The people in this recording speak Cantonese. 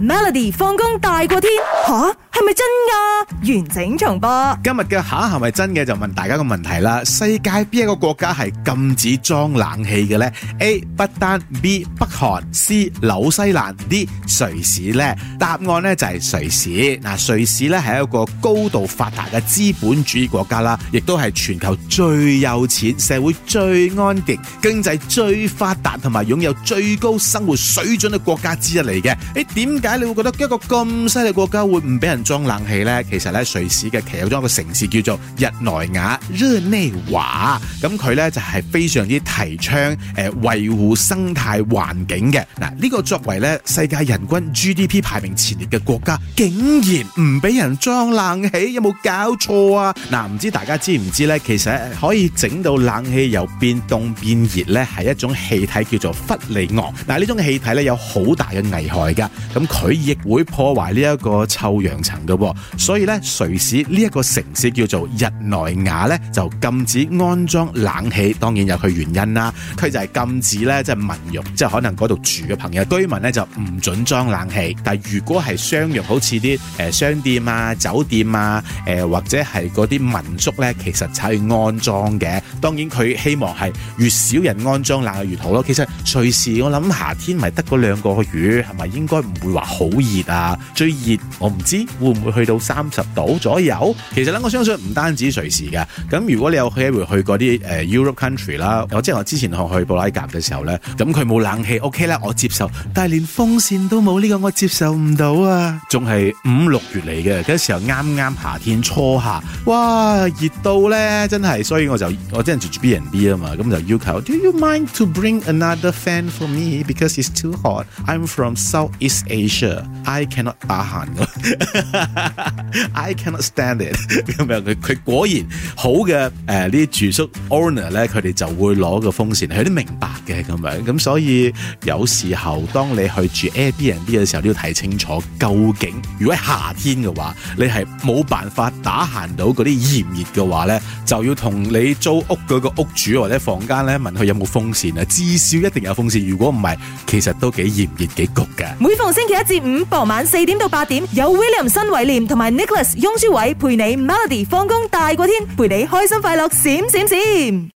Melody 放工大過天吓，係咪真噶？完整重播今日嘅吓係咪真嘅？就問大家個問題啦。世界邊一個國家係禁止裝冷氣嘅呢？A 不丹，B 北韓，C 紐西蘭，D 瑞士呢？答案呢就係瑞士。嗱，瑞士呢係一個高度發達嘅資本主義國家啦，亦都係全球最有錢、社會最安定、經濟最發達同埋擁有最高生活水準嘅國家之一嚟嘅。誒，點解？你會覺得一個咁犀利國家會唔俾人裝冷氣呢？其實咧，瑞士嘅其中一個城市叫做日內瓦，日內瓦咁佢咧就係、是、非常之提倡誒維護生態環境嘅。嗱，呢、這個作為咧世界人均 GDP 排名前列嘅國家，竟然唔俾人裝冷氣，有冇搞錯啊？嗱，唔知大家知唔知咧？其實可以整到冷氣由變凍變熱咧，係一種氣體叫做氟利昂。嗱，這種氣呢種氣體咧有好大嘅危害噶，咁。佢亦會破壞呢一個臭氧層嘅，所以咧，瑞士呢一個城市叫做日內瓦咧就禁止安裝冷氣，當然有佢原因啦。佢就係禁止咧即係民用，即係可能度住嘅朋友居民咧就唔准裝冷氣，但係如果係商用，好似啲誒商店啊、酒店啊、誒或者係嗰啲民宿咧，其實就係安裝嘅。當然佢希望係越少人安裝冷氣越好咯。其實瑞士我諗夏天咪得嗰兩個月，係咪應該唔會話。好熱啊！最熱我唔知會唔會去到三十度左右。其實咧，我相信唔單止隨時㗎。咁如果你有去，去過一回去嗰啲 Europe country 啦，我即係我之前學去布拉格嘅時候呢，咁佢冇冷氣，OK 啦，我接受。但係連風扇都冇呢個，我接受唔到啊！仲係五六月嚟嘅嗰時候，啱啱夏天初夏，哇熱到呢，真係。所以我就我真係住住 B and B 啊嘛，咁就要求：Do you mind to bring another fan for me because it's too hot？I'm from Southeast Asia。I cannot 打閒我，I cannot stand it。咁樣佢佢果然好嘅誒，呢、呃、啲住宿 owner 咧，佢哋就會攞個風扇，佢都明白嘅咁樣。咁所以有時候當你去住 Airbnb 嘅時候，都要睇清楚。究竟如果夏天嘅話，你係冇辦法打閒到嗰啲炎熱嘅話咧，就要同你租屋嗰個屋主或者房間咧問佢有冇風扇啊。至少一定有風扇。如果唔係，其實都幾炎熱幾焗嘅。每逢星期一至五傍晚四點到八點，有 William 新偉廉同埋 Nicholas 翁舒偉陪你 Melody 放工大過天，陪你開心快樂閃閃閃。閃閃閃